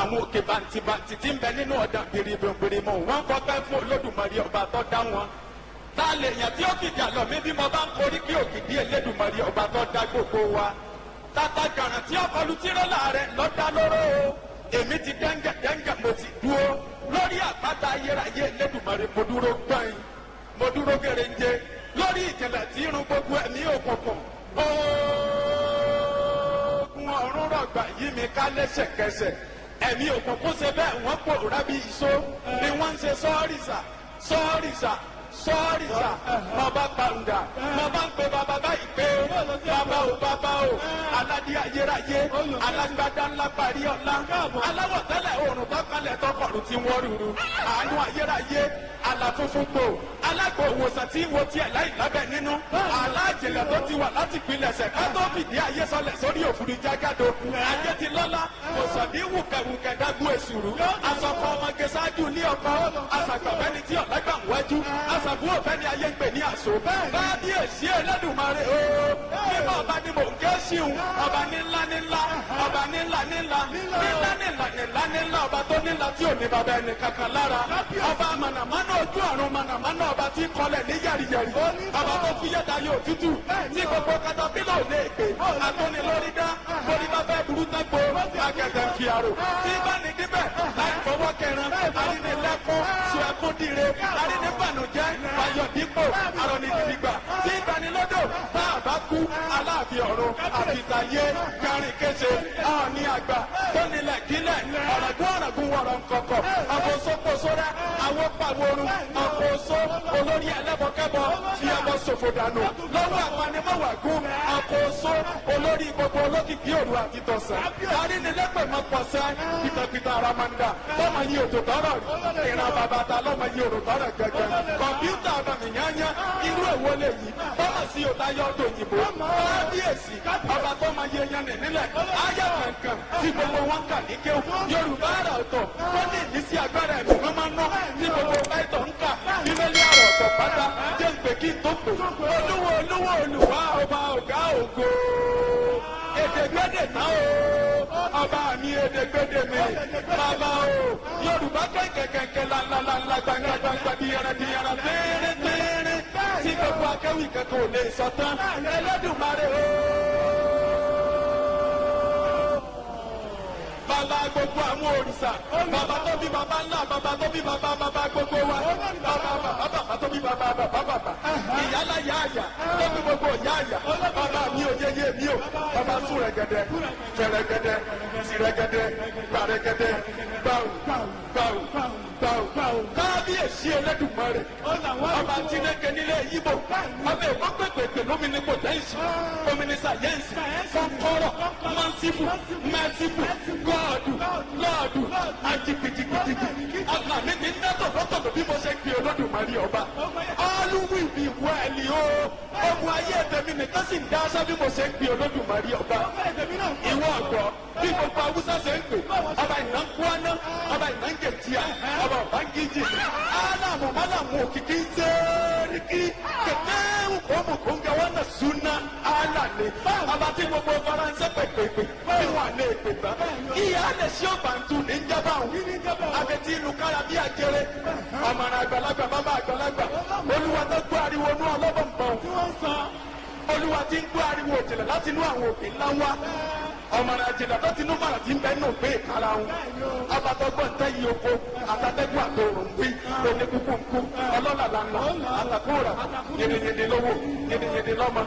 àwọn òkè bàǹtìbàǹtì tí ń bẹ nínú ọ̀dà bìrìbìrì mọ̀ wọ́n kọ́kẹ́ fún olódùmarè ọba tó dá wọn tá a lè yàn tí òkìdí àlọ́ mi bí mo bá ń korí kí òkìdí elédùmarè ọba tó dá gbogbo wa tata gàràn tí ọkọlù tí rọ́lá rẹ̀ lọ́dá lóró o èmi ti dẹ́ngẹ̀ dẹ́ngẹ̀ mo ti dúró lórí àpáta ayérayé elédùmarè mo dúró gbọ́n mo dúró gèrèǹjẹ lórí ìjìnlẹ̀ tí irun gbogbo ẹ̀mí òkùnkùn oògùn ọ̀run rọ̀gbà yí mi ká lẹ́sẹ̀kẹsẹ̀ ẹ̀mí òkùnkùn ṣe bẹ́ẹ̀ wọ́n pòórá bí iṣó ni wọ́n ń ṣe sọ́ọ́rì sà sọ́ọ́rì sà sọ́ọ́rì sà mo bá pàrùdà mo bá ń pe bàbá báyìí pé bàbá o bàbá o aládé ayérayé alágbádá ńlá parí ọ̀la aláwọ̀ tẹ́lẹ̀ oòrùn tó kalẹ̀ tọkọ̀rù ti wọ́n àánú ayérayé àlàfúnfún alágbòwòsàn tí wo tiẹ̀ láì lábẹ́ nínú alájìnlẹ̀ tó ti wà láti pilẹ̀sẹ̀ ká tó fìdí ayé sọlẹ̀ sórí òfurufú jágàdo ajé ti lọ́lá kò sọ̀dí wùkẹ̀wùkẹ̀ dágbó èsùrù asọ̀kọ̀ ọmọge ṣáájú ní ọkọ̀ asàkọ̀fẹ́ni tí ọ̀lẹ́gbà ń wẹ́jú asàbúrò fẹ́ni ayé ń pè ní àṣọ bẹ́ẹ̀ èsì ẹlẹ́dùnmarè o nígbà ọba ni mò ń ké síun ọba nílá nílá ọba nílá nílá nílá nílá nílá nílá ọba tó nílá tí ò ní bàbá ẹnì kankan lára ọba mànàmáná ojú àrùn mànàmáná ọba tí kọlẹ̀ ní yàrìyàrì bàbá tó fi yẹ̀dá yóò tútù tí gbogbo katapila ò lè gbé àtúni lórí dá lórí bá fẹ́ burú tán gbó akẹ́tẹ̀ fi àrò tí bá ní níbẹ̀ láì fọwọ́ kẹran alínilẹ́kọ́ sùẹ́kúndìrẹ́ alínibànújẹ́ ayọ̀dípò arọ̀nìdìgbà tí ìgbanilódò bá a bá kú aláàfin ọ̀run àfìtàyé kárin kése àní àgbà tó nílẹ̀ kílẹ̀ ọ̀rọ̀gún ọ̀rọ̀gún wọ̀rọ̀ nkọ̀kọ̀ àfọ̀sọ́pọ̀sọ́rẹ́ àwọn pàwọ́rù ọ̀ oṣó olórí ẹlẹ́bọ̀kẹ́bọ̀ fi ẹbọ ṣòfò dànù lọ́wọ́ àpanimọ̀wàgún akọ olórí gbogbo olókìkí òru àti tọ̀sán arínilẹ́pẹ̀ mọ́ pọ̀sẹ́ pìtàpìtà aramanda lọ́mọ yìí òtò tọ́rọ̀ ìran bàbá ta lọ́mọ yìí òrò tọ́rọ̀ gẹ́gẹ́ kọ̀mpútà ọ̀nàmìyányá irú èwo lè yí bọ́mọ sí òtá yọ ọdọ òyìnbó kábíyèsí ọba tó máa yẹ ìrẹ̀lẹ̀ àrọ̀ ọ̀tọ̀pátá jẹ́ ń pè kí n tó pò olúwo olúwo olùwà ọba ọ̀gá ògo èdègbèdè tán o ọba mi èdègbèdè mi bàbá o yorùbá kẹ̀kẹ̀kẹ̀kẹ̀ lanlanlanla gbangagbangba diyara diyara tẹ́rẹ́ tẹ́rẹ́ tí gbogbo akẹ́wì kẹ́kọ̀ọ́ lè sọ tán ẹlẹ́dùnmarè o. ńlá gbogbo àwọn Baba. bàbá Baba. bí Baba. ńlá Baba. Baba. bí bàbá Baba. Baba. Baba. bàbá Baba. Baba. Baba. bí bàbá bàbá bàbá ìyálà Baba. àyà tó bí gbogbo yá Baba. bàbá mi ò yéyé mi ò bàbá sùn rẹ̀gẹ̀dẹ̀ tẹ̀rẹ̀gẹ̀dẹ̀ tìrẹ̀gẹ̀dẹ̀ gbàrẹ̀gẹ̀dẹ̀ Baba. gbàù gbàù gbàù kábíyèsí Elédùmarè ọba tineke nílé yíbo ọba èkó pèpèpè lómìnir potẹ́ǹsì ominisa yẹ́ǹsì kọ́kọ́rọ̀ mọ́sífù mẹ́sífù. ọkàn mi ti ń dá tọ̀tọ̀tọ̀ bí mo ṣe pe olódùmarè ọba ọlùwì mi wọ ẹni o ọmọ ayé ẹ̀tẹ̀mí nìkan sì ń dá aṣọ bí mo ṣe pe olódùmarè ọba ìwọ ọ̀gbọ́ bí gbogbo awúsá ṣe ń pè ọba ìná kúáná ọba ìná ń gẹ̀tíà ọba ọba ń gíjì aláàmù aláàmù òkìkí ń kẹ̀kẹ́ òkòmù kò ń gẹ wọn náà súná aláàlẹ́ ọba tí gbogbo faransé pẹ̀pẹ̀pẹ̀ bí wọn lè tí kara bi bí àjẹrẹ àmàrà àgbàlagbà bàbá àgbàlagbà olúwa ariwo inú ọlọ́bọ̀ nǹkan ń gbọ́ ariwo òjìlẹ̀ láti inú àwọn òkè ńlá wá ọmọràn àjìlẹ̀ tó ti inú bàrà tí ń bẹ nù pé kára wọn abatọgbọ oko atatẹgbọ àtòròǹgbì oníkúkúǹkú ọlọ́lá lànà àtàkùrà yèdèyèdè lówó yèdèyèdè lọ́mọ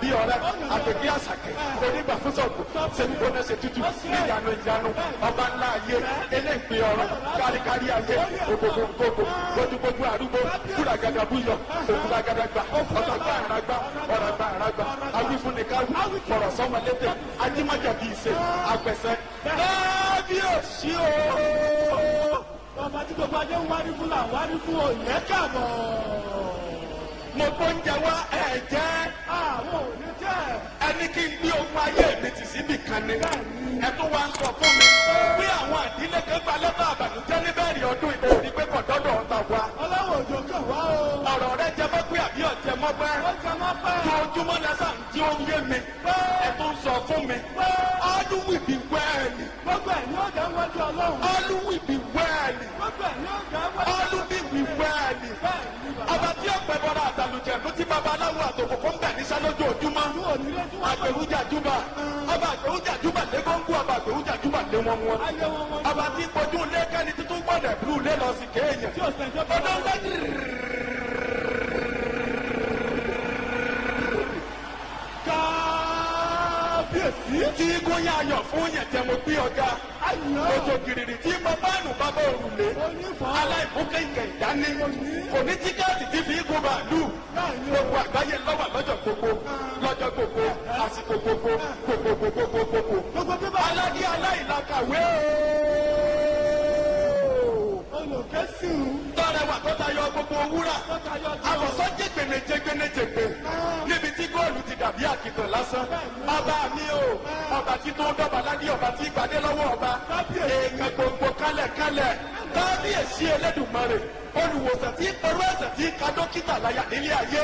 àbí ọ̀rẹ́ àgbègbè àṣàkẹ́ onígbà fún sọ̀kù sẹ́nubọ́nà ṣe tútù ìyanu ìyanu ọba ńlá ayé eléǹpé ọ̀rọ̀ káríkárí ayé ògògò gbogbo gbójúgbójú àdúgbò búragàdà búyọ òkúragàdà gbà ọ̀tàgbà àràgbà ọ̀ràgbà àràgbà awífúnnikáwí ọ̀rọ̀ sọ́mọlẹ́tẹ̀ ajímọ̀jà bíi ṣe àgbẹ̀sẹ̀. kábíyèsí o ọba tí gbogbo adé ń wárí fún làwọn wárí fún òyìnbó kàbọ̀ mo gbóúnjẹ wá ẹ jẹ́ àwọn ò ní jẹ́ ẹni kí n gbé ogun ayé mi tì síbi kan ni ẹ tó wá ń sọ fún mi pé àwọn àdílé kan gba lẹ́bàá àbànújẹ́ níbẹ̀rẹ̀ ọdún ìbò òní pé kọ̀dọ́dọ̀ ọ̀tà wa. ọlọ́wọ́ òjò kàn wá o. ọ̀rọ̀ rẹ jẹ mọ́ àbí ọ̀jẹ̀ mọ́ ó jẹ mọ́ pẹ́. ojoojúmọ́ la àtàlùjẹ̀nu tí babaláwo àtòkòkò ń bẹ̀ níṣẹ́ lójú ojúmọ́ àgbèrújà júbà ọba àgbèrújà júbà lé góńgó ọba àgbèrújà júbà lé wọn wọn ọba tí kojú lé kẹ́ni tuntun gbọ́dọ̀ blu lé lọ sí kéèyàn ọdún wájú kábíyèsí tí gúnyà yàn fún yẹn jẹ́ gbé ọ̀gá òjò gìrìrì tí mọ̀mánù bábọ̀ òrùlé aláìkókè ìkẹ̀dání kò ní tíkẹ́ẹ̀tì tí fi kó bàálù gbogbo àgbáyé lọ́wọ́ lọ́jọ́ gbogbo lọ́jọ́ gbogbo àsìkò gbogbo gbogbo gbogbo gbogbo aládé aláìlàkàwé olùkẹ́sìn tọ́lẹ̀wà tó tayọ gbogbo wúrà àwọ̀sọ́ jẹ́gbẹ̀nẹ́jẹ́gbẹ̀nẹ́jẹ́gbẹ̀ ah. níbi tí góòlù ti dàbí àkìtàn lásán bàbá mi o tí tó dọ̀bálá ní ọba tí gbadé lọ́wọ́ ọba èèyàn gbogbo kálẹ̀ kálẹ̀ kábíyèsí Elédùmarè olùwòsàn tí pẹ̀lú ẹ̀sẹ̀ tí ka dókítà láyà nílé ayé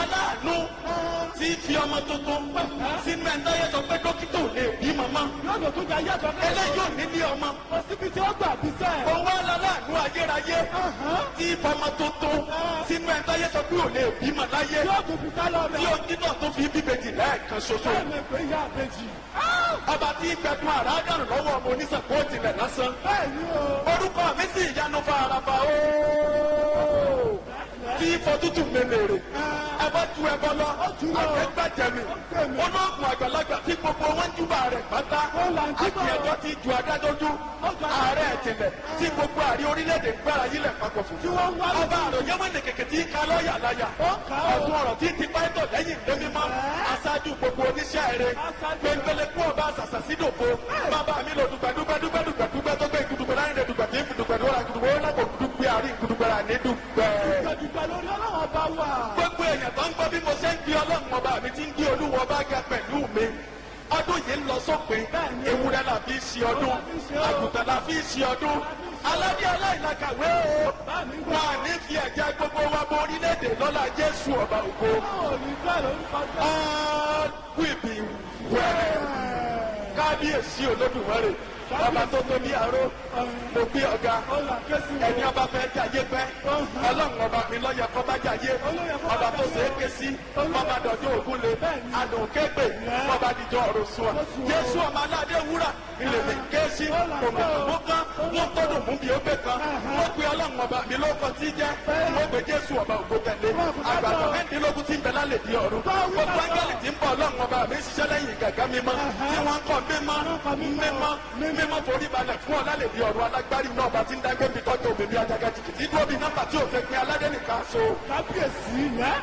aláàánú ah. tí fi ọmọ tuntun ah. sínú ẹ̀ ń dáyé sọ pé dókítà ò lè bí ọmọ yóò lò tó jẹ ayé àtọ́kẹ́. eléyìí ò ní ní ọmọ. ọsibítì ọgbà àbísẹ́. òun wá lálàánú ayérayé. tí ìfọmọ tó tó. sínú ẹ̀ táyé sọ pé ò lè bímọ láyé. yóò tó fi ká lọ rẹ̀. yóò nínà tó fi bí bèjì lẹ́ẹ̀kan ṣoṣo. bẹ́ẹ̀ ni pé ìyá bèjì. ọba tí gbẹdun àrá dànù lọ́wọ́ ọmọ onísàkó tilẹ̀ lásán. orúkọ mi sì yanu faraba tí ifọ̀ tútù mẹ́lẹ̀ ẹ bá tu ẹ bọ́ lọ. ó tu lọ. àgbẹ̀gbẹ̀ jẹ̀mí. náà ìgbé ẹjọ́ ti ju adájọ́ jú ààrẹ ìtìlẹ̀ tí gbogbo àrí orílẹ̀-èdè gbára yìí lẹ̀ papọ̀ fún. tí wọ́n wá lọ bá àrùn yẹ́wọ́nì kèké tí ká lọ́ọ̀yà láyà ọdún ọ̀rọ̀ tí ti bá ẹ̀tọ́ lẹ́yìn lé mímọ́ aṣáájú gbogbo oníṣẹ́ eré gbẹngbẹlẹ kú ọba àṣàṣà sí bàbá mi lò dùgbàdùgbàdùgbàdùgbà tó gbé ìgùdùgbà láyìn sópin ewúrẹ́ la fi ṣe ọdún àgùntàn la fi ṣe ọdún aládé aláìlàkàwé o wà ní fi ẹ̀jẹ̀ gbogbo wa bọ orílẹ̀-èdè lọ́la Jésù ọba ògo all will be well kábíyèsí Olódùmarè ọba tó tóbi àró mo gbé ọ̀gá ẹni ọba fẹ́ jàyé pẹ́ ọlọ́run ọba mi lọ́yẹ kọ́ bá jàyé ọba tó ṣe é ké sí ọba dọ̀jọ́ òkú le àdùn ọba dìjọ́ ọ̀rọ̀ sùn ọ́ Jésù ọmọ aládé wúrà ilẹ̀ mi ké sí òmò mú kan mú tọ́dún mú bí ó gbé kan mo pe ọlọ́run ọba mi ló kọ́ tí jẹ́ mo pe Jésù ọba ògbó tẹ̀lé àgbàdo mẹ́ndínlógún tí ń bẹ lálẹ́ di ọ̀run gbogbo ángẹ́lì tí ń bọ̀ ọlọ́run ọba mi ṣiṣẹ́ lẹ́yìn gàgá mímọ́ tí wọ́n kọ́ mímọ́ mímọ́ mímọ́ forí balẹ̀ fún ọ̀làlẹ̀ bí ọ̀rọ̀ alágbárí náà bá ti ń dágbé bí tọ́jú obìnrin ajaga jìkìtì dúró bí nọ́mbà tí ò fẹ́ pín aládé nìkan so. kábíyèsí rẹ̀.